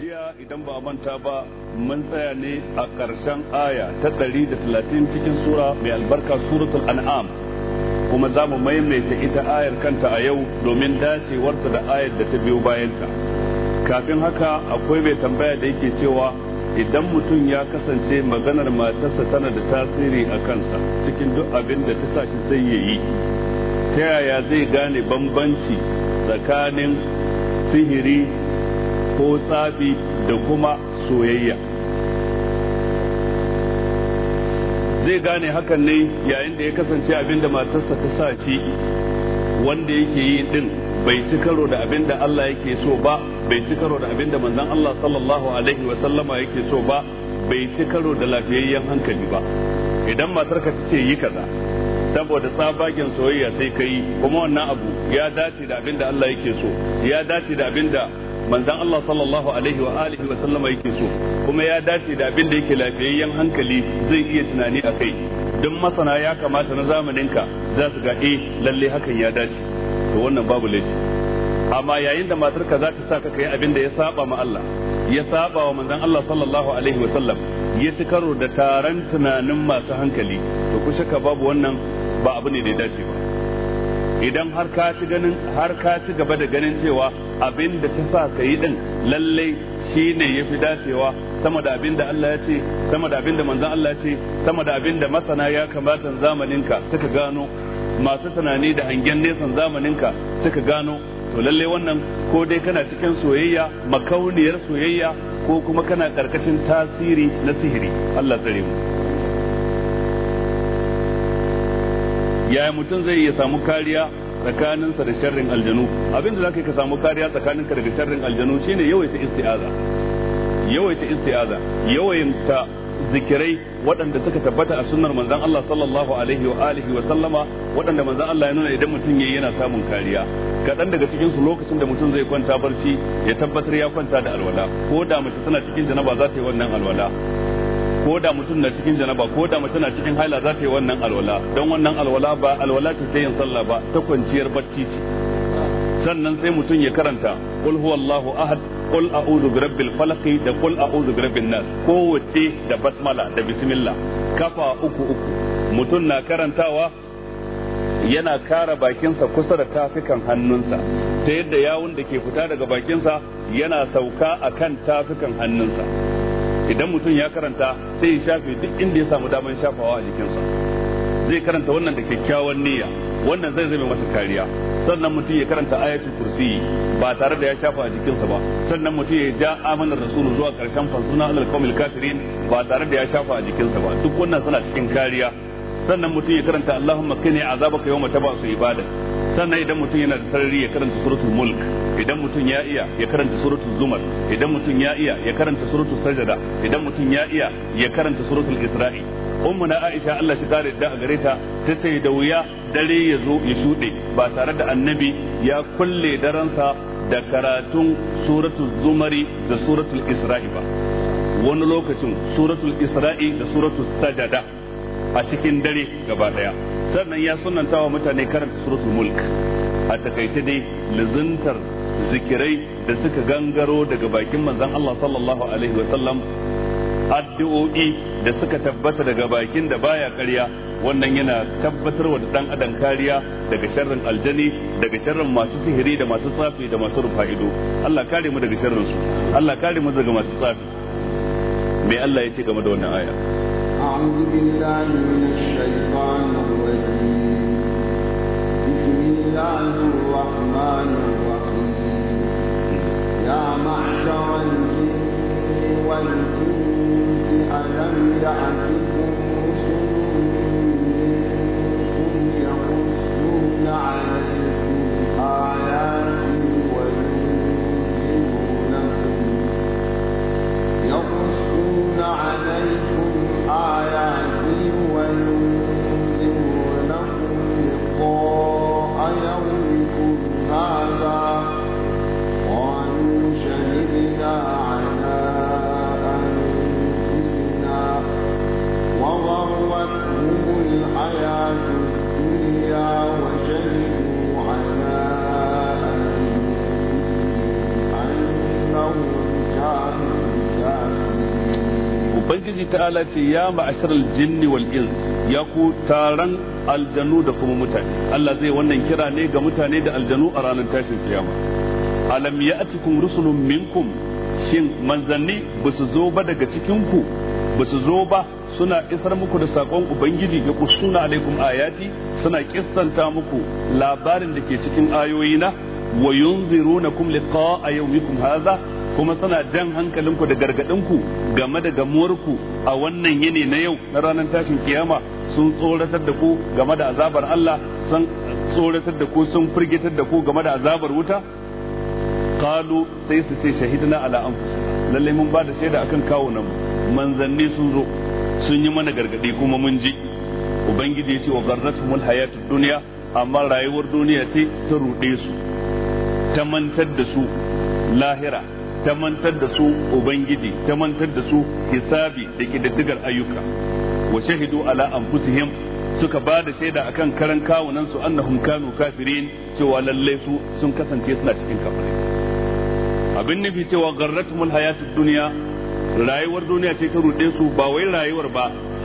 jiya idan ba manta ba mun tsaya ne a ƙarshen aya ta 130 cikin sura mai albarka suratul an'am kuma za mu maimaita ita ayar kanta a yau domin dacewarta da ayar da ta biyo bayanta kafin haka akwai mai tambaya da yake cewa idan mutum ya kasance maganar matarsa tana da tasiri a kansa cikin duk abin da ta sa shi sai ya yi ta yaya zai gane bambanci tsakanin sihiri ko tsafi da kuma soyayya zai gane hakan ne yayin da ya kasance abin da matarsa ta sa ci wanda yake yi din bai ci karo da abin da Allah yake so ba bai ci karo da abin da manzon Allah sallallahu alaihi wa sallama yake so ba bai ci karo da lafiyayyen hankali ba idan matarka ta ce yi kaza saboda tsabagen soyayya sai ka yi kuma wannan abu ya dace da abin da Allah yake so ya dace da abin da Manzan Allah sallallahu alaihi wa alihi wa sallama yake so kuma ya dace da abin da yake lafiyayyen hankali zai iya tunani a kai don masana ya kamata na zamaninka za su ga eh lalle hakan ya dace to wannan babu laifi amma yayin da matarka za ta sa ka kai abin da ya saba ma Allah ya saba wa manzan Allah sallallahu alaihi wa sallam ya ci karo da taron tunanin masu hankali to ku shaka babu wannan ba abu ne da ya dace ba idan har ka ci ganin har ka ci gaba da ganin cewa abin da ta sa ka yi din lalle shine yafi dacewa sama da abin da Allah ya ce sama da abin da manzon Allah ya ce sama da abin da masana ya kamata zamaninka suka gano masu tunani da hangen nesan zamaninka suka gano to lalle wannan ko dai kana cikin soyayya makauniyar soyayya ko kuma kana karkashin tasiri na sihiri Allah tsare mu yaya mutum zai iya samu kariya tsakaninsa da sharrin aljanu abin da zaka ka samu kariya tsakaninka daga sharrin aljanu shine yawaita isti'aza yawaita isti'aza yawaita zikirai waɗanda suka tabbata a sunnar manzon Allah sallallahu alaihi wa alihi wa sallama waɗanda manzon Allah ya nuna idan mutum yayi yana samun kariya kaɗan daga cikin su lokacin da mutum zai kwanta barci ya tabbatar ya kwanta da alwala ko da mace tana cikin janaba za ta yi wannan alwala ko da mutum na cikin janaba ko da mutum na cikin haila za ta yi wannan alwala don wannan alwala ba alwala ce ta yin sallah ba ta kwanciyar bacci ce sannan sai mutum ya karanta qul huwallahu ahad qul a'udhu birabbil falaq da qul a'udhu birabbin nas wace da basmala da bismillah kafa uku uku mutum na karantawa yana kara bakinsa kusa da tafikan hannunsa ta yadda yawun da ke fita daga bakinsa yana sauka akan tafikan hannunsa idan mutum ya karanta sai ya shafe duk inda ya samu damar shafawa a jikinsa zai karanta wannan da kyakkyawan niyya wannan zai zame masa kariya sannan mutum ya karanta ayatul kursi ba tare da ya shafa a jikinsa ba sannan mutum ya ja amanar rasulu zuwa karshen fansuna alal qawmil kafirin ba tare da ya shafa a jikinsa ba duk wannan suna cikin kariya sannan mutum ya karanta allahumma kini azabaka yawma tabasu ibada sannan idan mutum yana da sarari ya karanta suratul mulk idan mutum ya iya ya karanta suratul zumar idan mutum ya iya ya karanta suratul sajada idan mutum ya iya ya karanta suratul isra'i ummuna aisha Allah shi kare da a gare ta ta ce da wuya dare ya zo ya shuɗe ba tare da annabi ya kulle daransa da karatun suratul zumari da suratul isra'i ba wani lokacin suratul isra'i da suratul sajada a cikin dare gaba daya sannan ya sunanta wa mutane karanta suratul mulk a takaice dai lizintar zikirai da suka gangaro daga bakin manzon Allah sallallahu alaihi wasallam addu'o'i da suka tabbata daga bakin da baya karya wannan yana tabbatarwa da dan adam kariya daga sharrin aljani daga sharrin masu sihiri da masu tsafi da masu rufa'ido Allah kare mu daga sharrin su Allah kare mu daga masu tsafi me Allah ya ce game da wannan aya أعوذ بالله من الشيطان الرجيم بسم الله الرحمن الرحيم يا معشر الجن والإنس ألم يأتكم رسل منكم يقصون عليكم آياتي وينزلونكم يقصون عليكم آياتي ta'ala ce ya ma'ashar jinni wal ins ya ku taron aljanu da kuma mutane Allah zai wannan kira ne ga mutane da aljanu a ranar tashin kiyama alam ya'tikum rusulun minkum shin manzanni ba su zo ba daga cikin ku ba su zo ba suna isar muku da sakon ubangiji ya kusuna alaikum ayati suna kisanta muku labarin da ke cikin ayoyi ayoyina wa yunzirunakum liqa'a yawmikum hadha kuma suna jan hankalinku da gargadinku game da gamuwarku a wannan yini na yau na ranar tashin kiyama sun tsoratar da ku game da azabar Allah sun tsoratar da ku sun firgitar da ku game da azabar wuta qalu sai su ce shahidna ala anfusina lalle mun ba da shaida akan kawo nan manzanni sun zo sun yi mana gargadi kuma mun ji ubangiji ya ce wa garratumul hayatud dunya amma rayuwar duniya ce ta ruɗe su ta mantar da su lahira ta mantar da su ubangiji ta mantar da su hisabi da kididdigar ayyuka wa shahidu ala anfusihim suka ba da shaida akan karan kawunan su annahum kanu kafirin cewa lalle su sun kasance suna cikin kafirai abin nufi cewa garratumul hayatud dunya rayuwar duniya ce ta ruɗe su ba wai rayuwar ba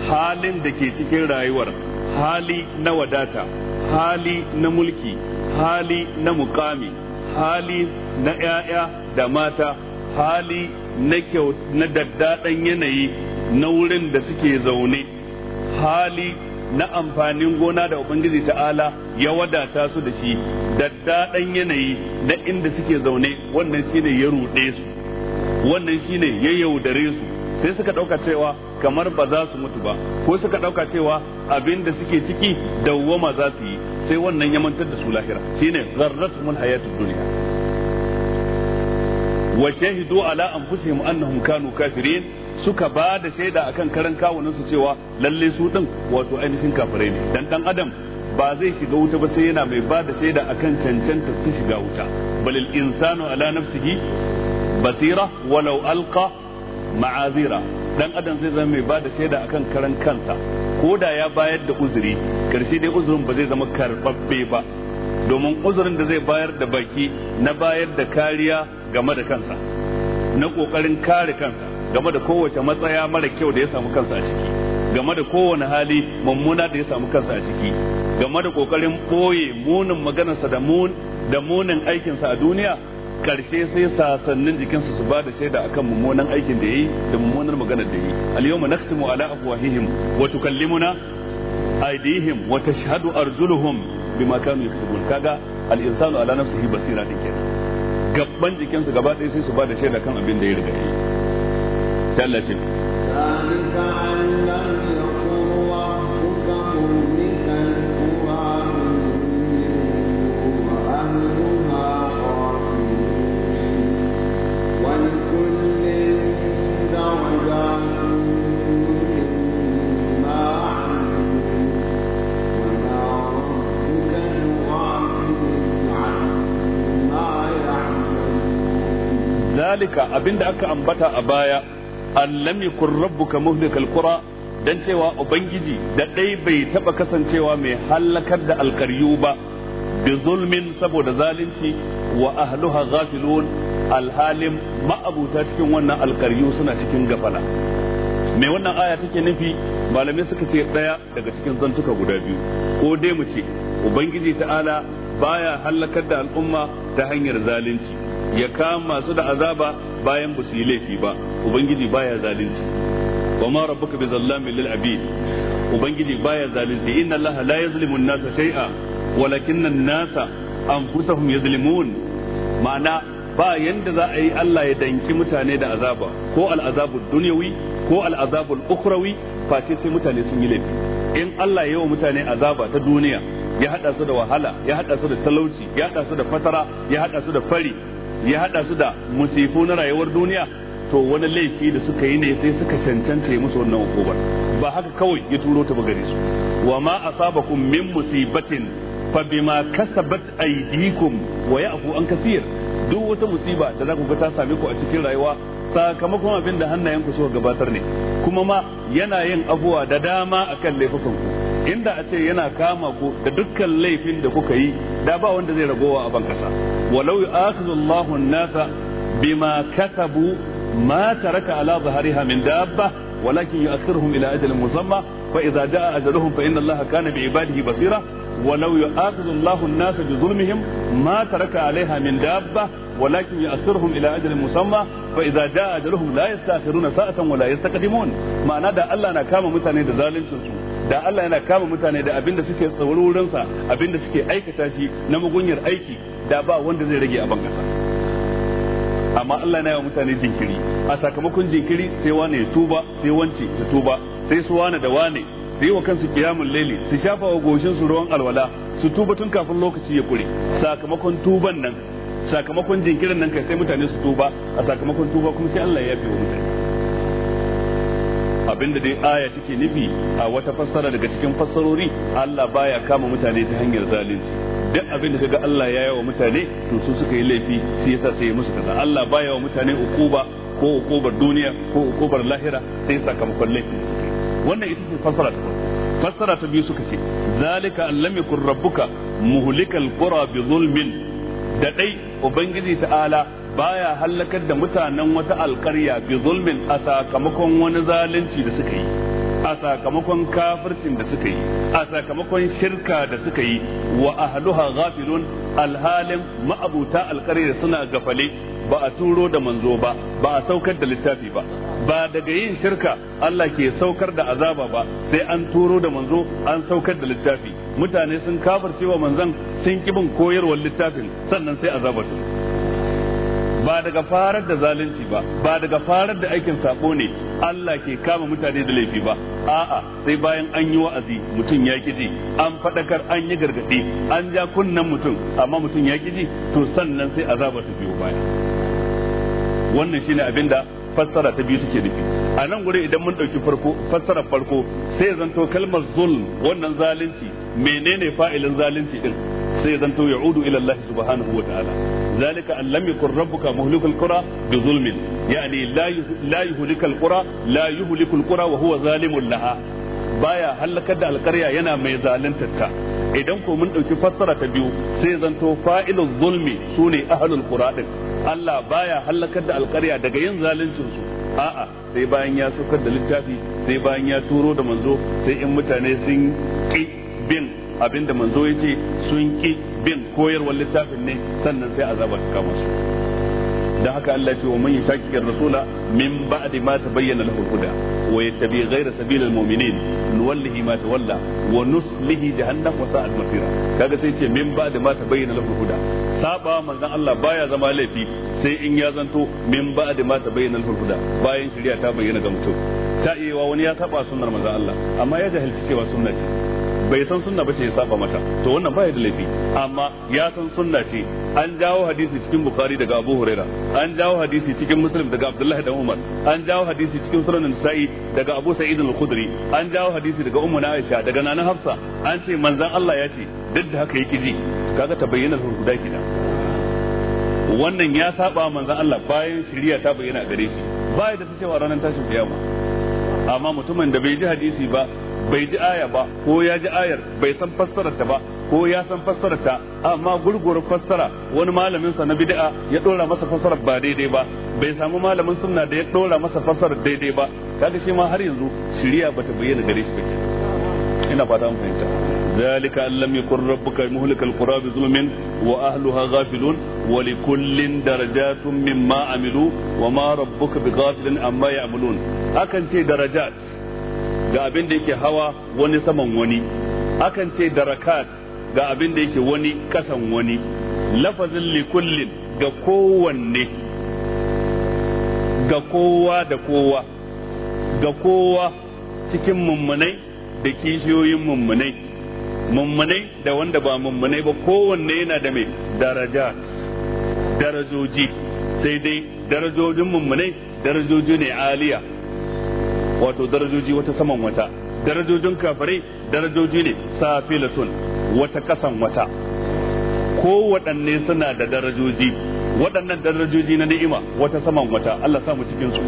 halin da ke cikin rayuwar hali na wadata hali na mulki hali na mukami hali na ‘ya'ya da mata hali na kyau na daddaɗan yanayi na wurin da suke zaune hali na amfanin gona da ubangiji ta'ala ya wadata su da shi daddaɗan yanayi na inda suke zaune wannan shine ya ruɗe su wannan shine ya yaudare su sai suka ɗauka cewa kamar ba za su mutu ba ko suka ɗauka cewa abin da suke ciki dawwama za su yi sai wannan ya mantar da su lahira shine mun hayatud duniya wa shahidu ala anfusihim annahum kanu kafirin suka ba da shaida akan karan kawunan su cewa lalle su din wato ainihin kafirai ne dan dan adam ba zai shiga wuta ba sai yana mai ba da shaida akan cancanta su shiga wuta balil insanu ala nafsihi basira walau alqa ma'azira dan adam zai zama mai ba da shaida akan karan kansa ko da ya bayar da uzuri karshe dai uzurin ba zai zama karbabbe ba domin uzurin da zai bayar da baki na bayar da kariya game da kansa na kokarin kare kansa game da kowace matsaya mara kyau da ya samu kansa a ciki game da kowane hali mummuna da ya samu kansa a ciki game da kokarin boye munin maganarsa da mun da munin aikinsa a duniya karshe sai sasannin jikinsa su ba da shaida akan mummunan aikin da yayi da mummunar maganar da yayi al-yawma nakhtimu ala afwahihim wa tukallimuna aydihim wa tashhadu arjuluhum bima kanu yaksubun kaga al-insanu ala nafsihi basira din gabban jikinsu gaba ɗaya sai su ba da shaida kan abin da ya riga yi sai Allah ce ولكل درجات zalika abinda aka ambata a baya allam yakun rabbuka muhlikal qura dan cewa ubangiji da dai bai taba kasancewa mai halakar da alkaryu ba bi zulmin saboda zalunci wa ahluha ghafilun alhalim ma'abuta cikin wannan alkaryu suna cikin gafala mai wannan aya take nufi malamai suka ce daya daga cikin zantuka guda biyu ko dai mu ce ubangiji ta'ala baya halakar da al'umma ta hanyar zalunci ya kama masu da azaba bayan ba su yi laifi ba ubangiji baya zalunci wa ma rabbuka bi zallamin lil abid ubangiji baya zalunci inna allaha la yazlimu an-nasa shay'a walakinna an-nasa anfusahum yazlimun ma'ana ba yanda za a yi Allah ya danki mutane da azaba ko al'azabul dunyawi ko al'azabul ukhrawi face sai mutane sun yi laifi in Allah ya yi wa mutane azaba ta duniya ya hada su da wahala ya hada su da talauci ya hada su da fatara ya hada su da fari ya haɗa su da musifu na rayuwar duniya to wani laifi da suka yi ne sai suka cancanta musu wannan hukumar ba haka kawai ya turo ta gare su wa ma asabakum min musibatin fa bima kasabat aydikum wa ya'fu an kaseer duk wata musiba da za ku ga ta same ku a cikin rayuwa sakamakon abin da hannayenku suka gabatar ne kuma ma yana yin abuwa da dama akan laifukan ku inda a ce yana kama ku da dukkan laifin da kuka yi da ba wanda zai ragowa a ban kasa walau yu'akhidhu Allahu an-nasa bima kasabu ma taraka ala dhahriha min dabba walakin yu'akhiruhum ila ajalin musamma fa idza jaa ajaluhum fa inna Allaha kana bi basira ولو يؤاخذ الله الناس بظلمهم ما ترك عليها من دابة ولكن يؤخرهم إلى أجل مسمى فإذا جاء أجلهم لا يستأخرون ساعة ولا يستقدمون معناه ده الله أنا كام متاني da Allah yana kama mutane da abin da suke wurinsa abin da suke aikata shi na mugunyar aiki da ba wanda zai rage a bankasa amma Allah na yawa mutane jinkiri a sakamakon jinkiri sai wane ya tuba sai wance ta tuba sai su wane da wane su yi wa kansu kiyamun laili su shafa wa goshin su ruwan alwala su tuba tun kafin lokaci ya kure sakamakon tuban nan sakamakon jinkirin nan kai sai mutane su tuba a sakamakon tuba kuma sai Allah ya yafe wa mutane abinda dai aya take nufi a wata fassara daga cikin fassarori Allah baya kama mutane ta hanyar zalunci duk abin da kaga Allah ya yawa mutane to su suka yi laifi shi yasa sai ya musu kaza Allah baya wa mutane ukuba ko ukubar duniya ko ukubar lahira sai sakamakon laifin wannan ita ce fassara ta farko fassara ta biyu suka ce zalika allam yakun rabbuka muhlikal qura bi zulmin da dai ubangiji ta'ala baya hallakar da mutanen wata alkarya bi zulmin a sakamakon wani zalunci da suka yi a sakamakon kafircin da suka yi a sakamakon shirka da suka yi wa ahluha ghafilun alhalin ma'abuta alkarya suna gafale ba a turo da manzo ba ba a saukar da littafi ba ba daga yin shirka Allah ke saukar da azaba ba sai an turo da manzo an saukar da littafi mutane sun kafircewa manzon sun kibin koyarwar littafin sannan sai azaba su ba daga farar da zalunci ba ba daga farar da aikin sabo ne Allah ke kama mutane da laifi ba a'a sai bayan an yi wa'azi mutum ya kiji an fadakar an yi gargadi an ja kunnen mutum amma mutum ya kiji to sannan sai azaba ta biyo baya wannan shine abin da fassara ta biyu take nufi a nan gure idan mun ɗauki farko fassarar farko sai zan zanto kalmar zulm wannan zalunci menene fa'ilin zalunci din sai zan zanto ya'udu ila Allah subhanahu wa zalika an lam yakun rabbuka muhlikul qura bi zulmin yani la la yuhlikul qura la yuhlikul qura wa huwa zalimul laha baya halakar da alƙarya yana mai zaluntarta idan ko mun ɗauki fassara ta biyu sai zanto fa'ilul zulmi sune ahlul qura din Allah baya halakar da alƙarya daga yin zaluncin su a'a sai bayan ya saukar da littafi sai bayan ya turo da manzo sai in mutane sun ki bin abin da manzo ya ce sun ki bin koyarwar littafin ne sannan sai azaba ta kama su da haka Allah ce wa man yashaqiqir rasula min ba'di ma tabayyana lahu huda wa yattabi ghayra sabilil mu'minin nuwallihi ma tawalla wa nuslihi jahannam wa sa'at masira kaga sai ce min ba'di ma tabayyana lahu huda saba manzon Allah baya zama laifi sai in ya zanto min ba'di ma tabayyana lahu huda bayan shari'a ta bayyana ga mutum ta iya wani ya saba sunnar manzon Allah amma ya jahilci cewa sunna ce bai san sunna ba ce ya saba mata to wannan baya da laifi amma ya san sunna ce an jawo hadisi cikin bukhari daga abu huraira an jawo hadisi cikin muslim daga abdullahi dan umar an jawo hadisi cikin sunan nasa'i daga abu sa'id al-khudri an jawo hadisi daga ummu aisha daga nana hafsa an ce manzon Allah ya ce duk da haka yake ji kaga ta bayyana guda kida wannan ya saba manzon Allah bayan shari'a ta bayyana gare shi baya da ta cewa ranar tashin kiyama amma mutumin da bai ji hadisi ba bai ji aya ba ko ya ji ayar bai san fassararta ba ko ya san fassararta amma gurgurar fassara wani malamin sa na bid'a ya dora masa fassarar ba daidai ba bai samu malamin sunna da ya dora masa fassarar daidai ba kaga shi ma har yanzu shiriya bata bayyana gare shi ba ina fata mun fahimta ذلك أن لم يكن ربك مهلك القرى بظلم وأهلها غافلون ولكل درجات مما عملوا وما ربك بغافل عما يعملون أكن درجات ga abin da yake hawa wani saman wani akan ce darakat ga abin da yake wani kasan wani lafazin likullin ga kowanne ga kowa da kowa ga kowa cikin mummunai da kishiyoyin mummunai mummunai da wanda ba mummunai ba kowanne yana da mai daraja darajoji sai dai darajojin mummunai darajoji ne aliya wato darajoji wata saman wata darajojin kafirai darajoji ne safilatun wata kasan wata ko waɗanne suna da darajoji waɗannan darajoji na ni'ima wata saman wata Allah sa mu cikin su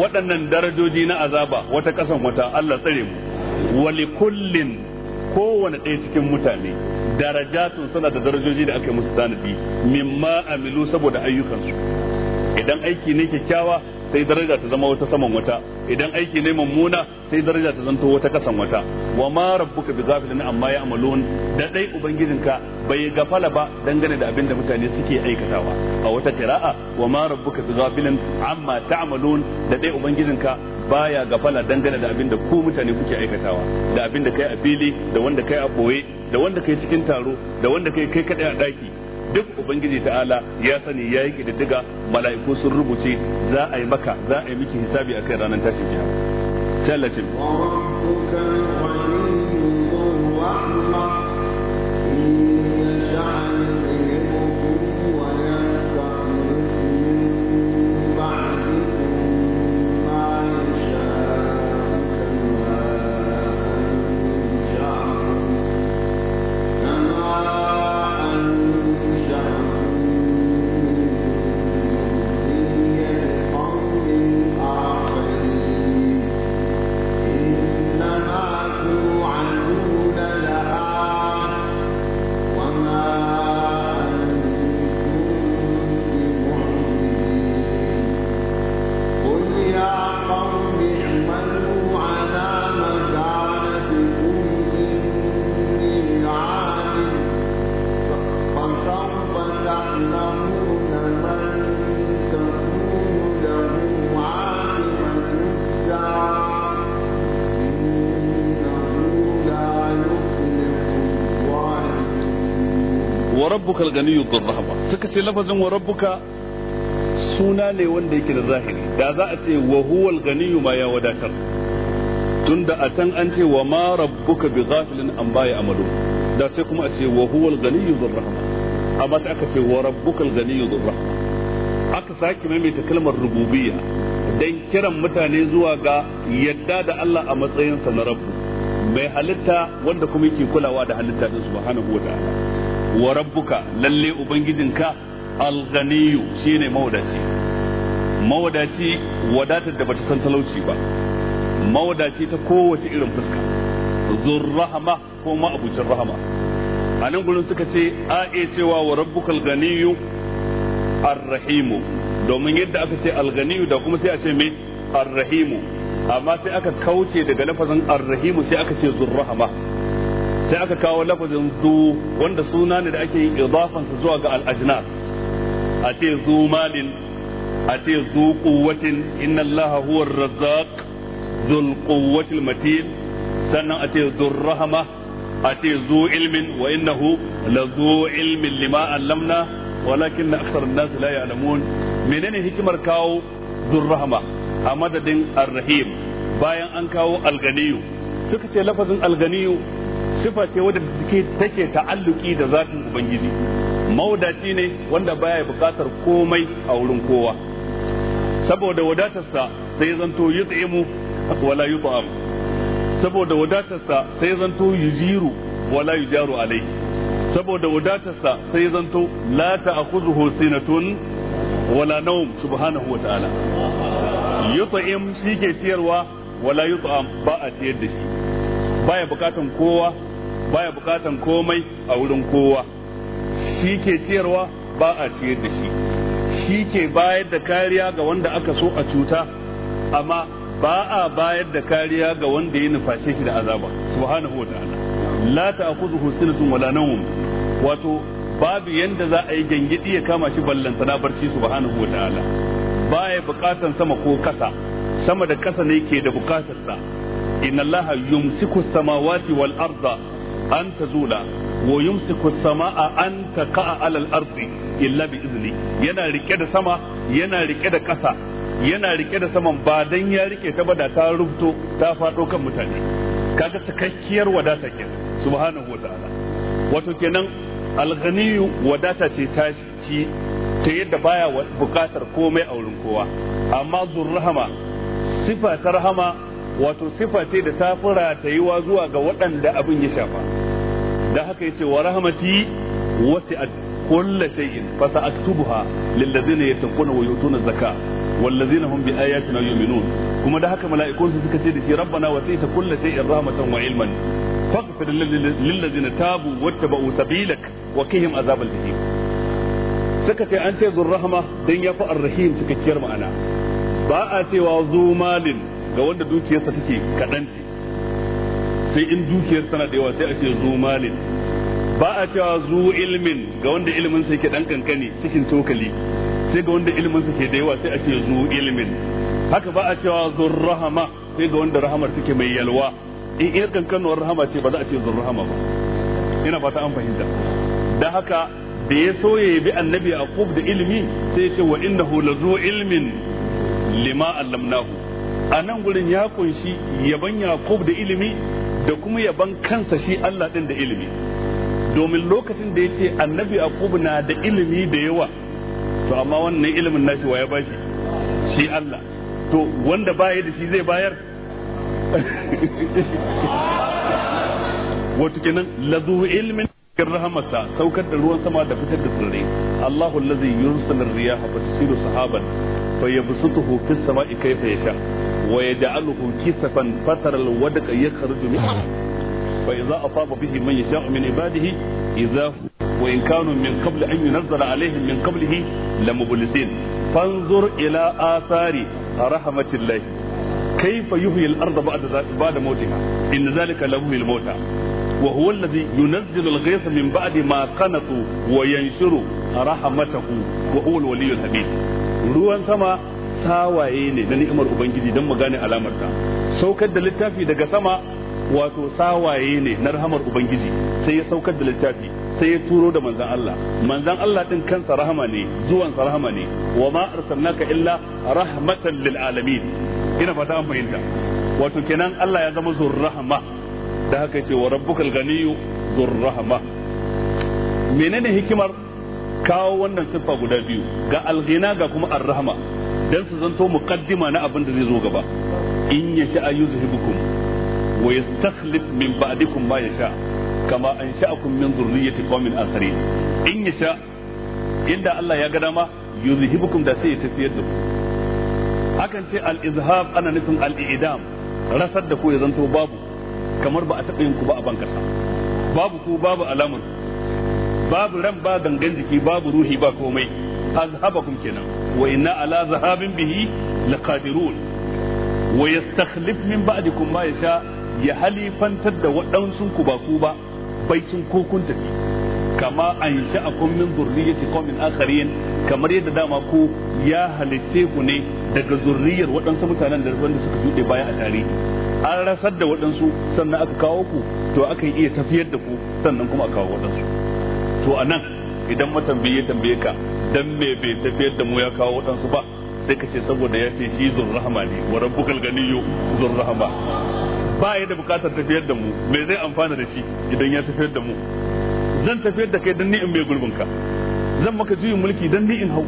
waɗannan darajoji na azaba wata kasan wata Allah tsare mu wali kullin kowane ɗaya cikin mutane darajatun suna da darajoji da aka yi musu tanadi mimma amilu saboda ayyukansu idan aiki ne kyakkyawa sai daraja ta zama wata saman wata idan aiki ne mummuna sai daraja ta zanto wata kasan wata wa ma rabbuka bi ghafilin amma ya'malun da dai ubangijinka bai gafala ba dangane da abin da mutane suke aikatawa a wata qira'a wa ma rabbuka bi ghafilin amma ta'malun da dai ubangijinka baya gafala dangane da abin da ku mutane kuke aikatawa da abin da kai a fili da wanda kai a boye da wanda kai cikin taro da wanda kai kai kadai a daki duk ubangiji ta'ala ya sani ya yi kididdiga mala'iku sun rubuce za a yi maka za a yi miki hisabi a kan ranar tashin kiyama sai ربك الغني rabbuka al-ganiyyu dhur suka ce lafazin wa rabbuka suna ne wanda yake da zahiri da za a ce wa huwa al-ganiyyu ma ya wadatar tunda a can an ce wa ma rabbuka bi ghafilin an baya amalu da sai kuma a ce wa huwa al-ganiyyu dhur amma sai aka ce wa rabbuka al-ganiyyu dhur aka sake maimaita kalmar rububiyya dan kiran mutane zuwa ga yadda da Allah a matsayinsa na rabbu mai halitta wanda kuma yake kulawa da halitta din subhanahu wataala wa rabbuka lalle ubangijinka alganiyu shine mawadaci mawadaci wadatar da bata san talauci ba mawadaci ta kowace irin fuska zurrahama ko ma abucin rahama a nan gurin suka ce a iya cewa wa rabbuka alganiyu arrahimu domin yadda aka ce alganiyu da kuma sai a ce me arrahimu amma sai aka kauce daga lafazin arrahimu sai aka ce zurrahama sai aka kawo lafazin zu wanda suna ne da ake yin idafansa zuwa ga al'ajina a ce zu malin a ce zu quwwatin inna allaha huwa razzaq dhul quwwatil matin sannan a ce zur rahama a ce zu ilmin wa innahu la zu ilmin lima allamna walakin aksar an-nas la ya'lamun menene hikimar kawo zur rahama a madadin ar-rahim bayan an kawo al-ganiyu suka ce lafazin al-ganiyu sifa ce wadda take ta'alluki da zatin ubangiji Maudaci ne wanda baya bukatar komai a wurin kowa saboda wadatarsa sai zanto yut'imu wala yut'am saboda wadatarsa sai zanto yujiru wala yujaru alai saboda wadatarsa sai zanto la ta'khudhuhu sinatun wala nawm subhanahu wa ta'ala yut'im shi ke ciyarwa wala yut'am ba a ciyar da shi baya bukatan kowa baya bukatan komai a wurin kowa shi ke ciyarwa ba a ciyar da shi shi ke bayar da kariya ga wanda aka so a cuta amma ba a bayar da kariya ga wanda ya nufashe shi da azaba subhanahu wataala la ta'khudhuhu sinatun wala nawm wato babu yanda za a yi gangidi ya kama shi ballanta na barci subhanahu wataala baya bukatan sama ko kasa sama da kasa ne ke da bukatar sa inna allaha yumsiku samawati wal arda an ta zula wa yumsiku samaa an ta ka'a alal ardi illa bi izni yana rike da sama yana rike da ƙasa yana rike da saman ba dan ya rike ta bada ta rubto ta fado kan mutane kaga sakakkiyar wadata ke subhanahu wataala wato kenan alghaniyu wadata ce ta ci ta yadda baya bukatar komai a wurin kowa amma zurrahama sifa ta rahama wato sifa ce da ta fura ta yiwa zuwa ga waɗanda abin ya shafa da haka yace wa rahmati wasi'at kullu shay'in fa sa'aktubuha lil ladzina yattaquna wa yu'tuna zakka wal ladzina hum bi ayatina kuma da haka mala'ikun suka ce da shi rabbana wasita kullu shay'in rahmatan wa ilman faghfir lil ladzina tabu wattaba'u sabilak wa azabal jahim suka ce an ce zur rahma dan yafi ar cikakkiyar ma'ana ba a cewa zu ga wanda dukiyarsa take kadan sai in dukiyar tana da yawa sai a ce zu malin ba a cewa zu ilmin ga wanda ilimin sa yake dan kankani cikin tokali sai ga wanda ilimin sa ke da yawa sai a ce zu ilmin haka ba a cewa zur rahama sai ga wanda rahamar take mai yalwa in ina kankanuwar rahama ce ba za a ce zur rahama ba ina ba ta an fahimta dan haka da ya soye bi annabi yaqub da ilimi sai ya ce wa innahu zu ilmin lima allamnahu a nan gurin ya kunshi yaban yaqub da ilimi da kuma yaban kansa shi Allah ɗin da ilimi domin lokacin da yace annabi aqub na da ilimi da yawa to amma wannan ilimin nashi wa ya bashi shi Allah to wanda baya da shi zai bayar wato kenan lazu ilmin cikin rahamarsa saukar da ruwan sama da fitar da sirri Allahu allazi yursilu riyaha fa tusiru sahaban fa yabsutuhu fis sama'i kayfa yasha' wa yaj'aluhu kisafan fatara alwadqa yakhruju min fa idza asaba bihi man yasha'u min ibadihi idza wa in kanu min qabl an yunzala alaihim min qablihi lamublisin fanzur ila athari rahmatillah kayfa yuhyi al-ardha ba'da ba'da mawtiha in وهو الذي ينزل الغيث من بعد ما قنطوا وينشر رحمته وهو الولي الحميد ruwan sama sawaye ne na ni'imar ubangiji don mu gane alamarta saukar da littafi daga sama wato sawaye ne na rahamar ubangiji sai ya saukar da littafi sai ya turo da manzan Allah manzan Allah din kansa rahama ne zuwan sa rahama ne wa ma arsalnaka illa rahmatan lil alamin ina fata an fahimta wato kenan Allah ya zama zur rahama da haka ce wa rabbukal ganiyyu zur rahama menene hikimar kawo wannan siffa guda biyu ga alghina ga kuma arrahma dan su zanto muqaddima na abin da zai zo gaba in ya sha yuzhibukum wa yastakhlif min ba'dikum ma yasha kama ansha'akum min dhurriyyati qaumin akharin in ya sha inda Allah ya ga dama yuzhibukum da sai ya tafiyar da ku akan ce al-izhab ana nufin al-i'dam rasar da ku ya zanto babu kamar ba a taɓa yin ku ba a ban kasa babu ku babu alamar babu ran ba gangan jiki babu ruhi ba komai azhabakum kenan Waina inna ala zahabin bihi laqadirun wa yastakhlif min ba'dikum ma yasha ya halifantar da waɗansu ku ba ku ba baicin a kun tafi kama an sha'akum min zurriyyati qaumin akharin kamar yadda dama ku ya halitte ku ne daga zurriyar waɗansu mutanen da wanda suka juɗe baya a tarihi an rasar da waɗansu sannan aka kawo ku to akan iya tafiyar da ku sannan kuma a kawo waɗansu to a nan idan matambi ya tambaye ka dan me bai tafiyar da mu ya kawo waɗansu ba sai ka ce saboda ya ce shi rahama ne wa rabbukal ganiyyu rahama. ba ya da bukatar tafiyar da mu me zai amfana da shi idan ya tafiyar da mu zan tafiyar da kai dan ni in mai gurbin ka zan maka juyin mulki dan ni in hau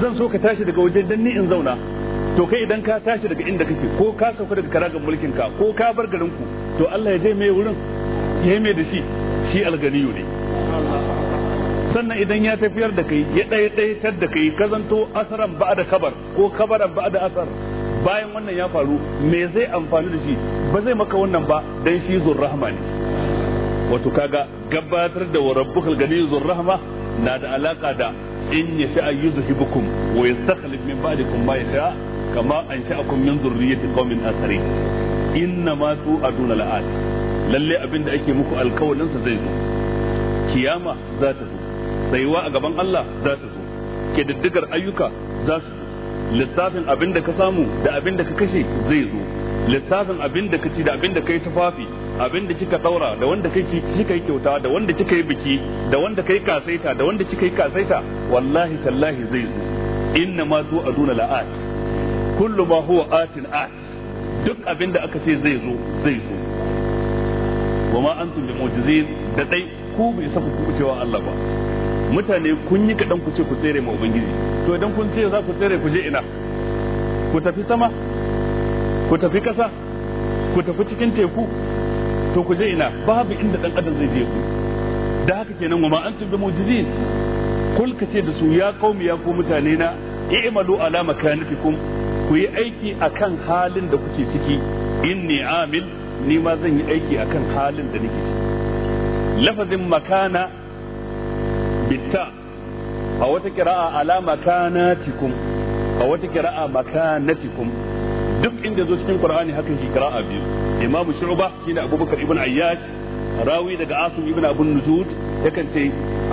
zan so ka tashi daga waje dan ni in zauna to kai idan ka tashi daga inda kake ko ka sauka daga karagan mulkin ka ko ka bar garin ku to Allah ya je mai wurin ya mai da shi shi alganiyo ne sannan idan ya tafiyar da kai ya ɗaiɗaitar da kai ka zanto asaran ba da kabar ko kabaran ba da asar bayan wannan ya faru me zai amfani da shi ba zai maka wannan ba dan shi zurrahma ne wato kaga gabatar da rabbukal gani zurrahma na da alaka da in ya sha yasha yuzhibukum wa yastakhlif min ba'dikum ma yasha kama an ansha'akum min asare. qaumin na inna ma tu'aduna la'at lalle abinda ake muku alkawalin sa zai zo kiyama za ta zo tsayuwa a gaban Allah za su zo kididdigar ayyuka za su zo lissafin abin da ka samu da abin da ka kashe zai zo lissafin abin da ka ci da abin da ka yi tufafi abin da kika daura da wanda kika yi kyauta da wanda kika yi biki da wanda kai kasaita da wanda kika yi kasaita wallahi tallahi zai zo inna ma tu aduna la'at kullu ma huwa atin at duk abin da aka ce zai zo zai zo wa ma antum bi mu'jizin da dai ku bai isa ku cewa Allah ba mutane kun yi kaɗan ku ce ku tsere ma ubangiji to idan kun ce za ku tsere ku je ina ku tafi sama ku tafi ƙasa ku tafi cikin teku to ku je ina babu inda ɗan adam zai je ku da haka kenan wa ma antum bi kul ka ce da su ya qaumi ya ku mutane na i'malu ala makanatikum ku yi aiki akan halin da kuke ciki inni amil ni ma zan yi aiki akan halin da nake ciki lafazin makana bitta a wata kira'a ala makanatikum a wata kira'a makanatikum duk inda zo cikin qur'ani hakan shi kira'a biyu imam shu'ba shine abubakar ibn ayyash rawi daga asim ibn abun nujud yakan ce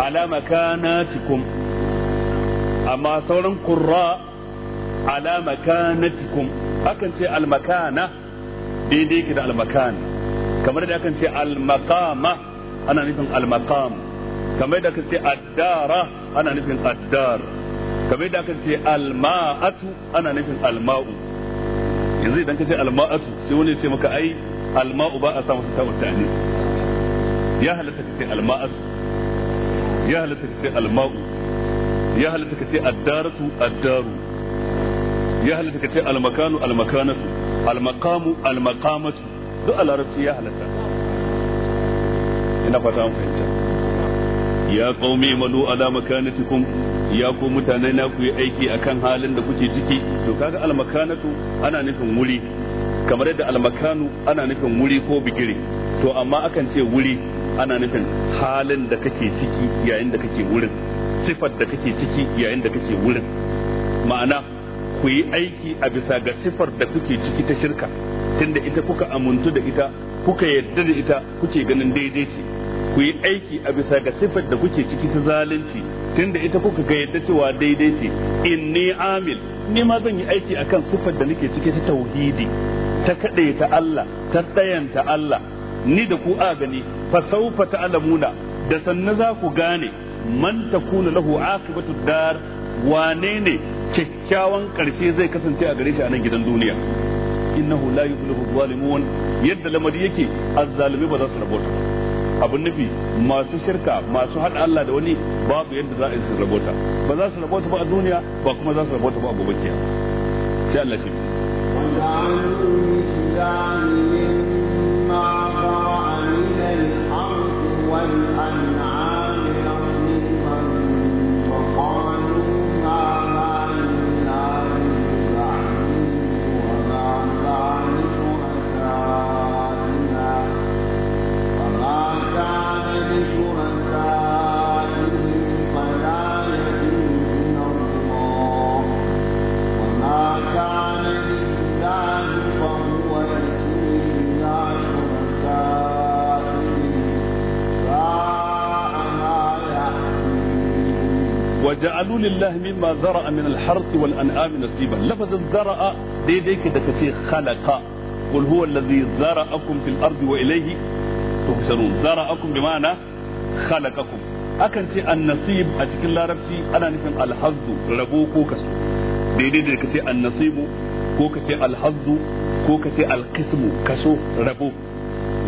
ala makanatikum amma sauran qurra ala makanatikum akan ce al makana daidai yake da al makan kamar da akan ce al maqama ana nufin al maqam kamar da ce addara ana nufin addar kamar da ce alma'atu ana nufin alma'u yanzu idan ce alma'atu sai wani ya ce maka ai alma'u ba a sa masa ta'u tani ya halatta ce alma'atu ya halatta ce alma'u ya halatta ce addaratu addaru ya halatta ce almakanu almakanatu almaqamu almakamatu duk a larabci ya halatta ina fata an fahimta ya kaumi malu ala makanatikum ya ku mutane na ku yi aiki akan halin da kuke ciki to kaga almakanatu ana nufin wuri kamar yadda almakanu ana nufin wuri ko bigire to amma akan ce wuri ana nufin halin da kake ciki yayin da kake wurin sifar da kake ciki yayin da kake wurin ma'ana ku yi aiki a bisa ga sifar da kuke ciki ta shirka tunda ita kuka amuntu da ita kuka yarda da ita kuke ganin daidai ce ku yi aiki a bisa ga siffar da kuke ciki ta zalunci tunda ita kuka ga yadda cewa daidai ce inni amil ni ma zan yi aiki akan siffar da nake ciki ta tauhidi ta kaɗe ta Allah ta tsayanta Allah ni da ku a gani fa saufa ta'lamuna da sanna za ku gane man takuna lahu akibatu dar wane ne kyakkyawan karshe zai kasance a gare shi a nan gidan duniya innahu la yuflihu zalimun yadda lamari yake azzalimi ba za su rabota abin nufi masu shirka masu haɗa Allah da wani babu yadda za a yi su rabota ba za su rabota ba a duniya ba kuma za su rabota ba a gobe kiyama sai Allah ce mimma zara'a min al-harth wal an'am nasiba lafazin zara'a daidai ke da kace khalaqa qul huwa allazi zara'akum ardi wa ilayhi akan ce an a cikin larabci ana nufin al rabo ko kaso daidai da kace an-nasibu ko kace al ko kace al kaso rabo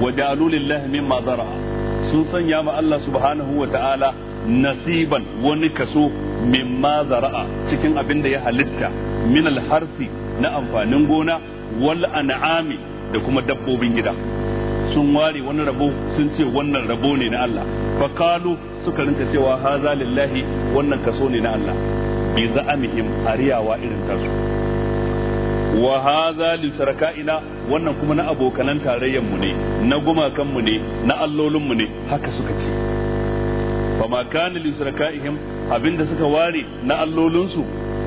wajalu lillahi mimma zara'a sun sanya ma Allah subhanahu wa ta'ala nasiban wani kaso mimma zara'a cikin abin da ya halitta min alharfi na amfanin gona wal an'ami da kuma dabbobin gida sun ware wani rabo sun ce wannan rabo ne na Allah fakalu suka rinta cewa haza lillahi wannan kaso ne na Allah bi za'amihim ariyawa irin tasu wa haza li sarakaina wannan kuma na abokanan tarayyan mu ne na gumakan mu ne na allolin mu ne haka suka ce fa ma li sarakaihim abinda suka ware na allolinsu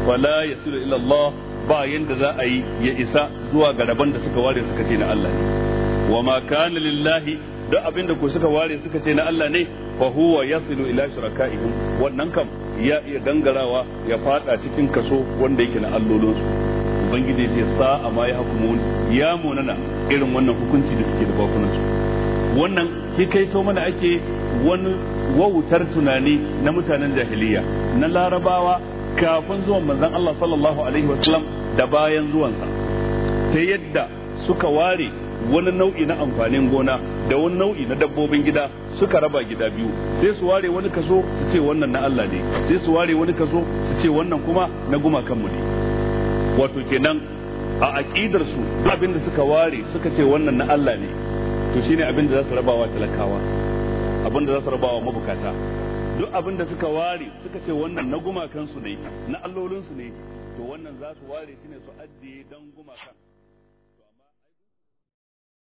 fala ya ila Allah ba yanda za a yi ya isa zuwa ga rabon da suka ware suka ce na Allah ne wa ma kana lillahi duk abinda ko suka ware suka ce na Allah ne fa huwa yasilu ila shurakaihim wannan kam ya iya dangarawa ya fada cikin kaso wanda yake na allolinsu ubangiji ce sa'a ma ya hukumun ya munana irin wannan hukunci da suke da bakunansu wannan kai to mana ake wani wautar tunani na mutanen jahiliya na larabawa kafin zuwan manzon Allah sallallahu alaihi wasallam da bayan zuwansa ta yadda suka ware wani nau'i na amfanin gona da wani nau'i na dabbobin gida suka raba gida biyu sai su ware wani kaso su ce wannan na Allah ne sai su ware wani kaso su ce wannan kuma na gumakanmu ne wato kenan a aƙidarsu abin da suka ware suka ce wannan na Allah ne to ne abin da za su rabawa talakawa abin da za su rabawa mabukata duk abin da suka ware suka ce wannan na gumakansu ne na allolinsu ne to wannan za su ware shi ne su ajiye don gumakan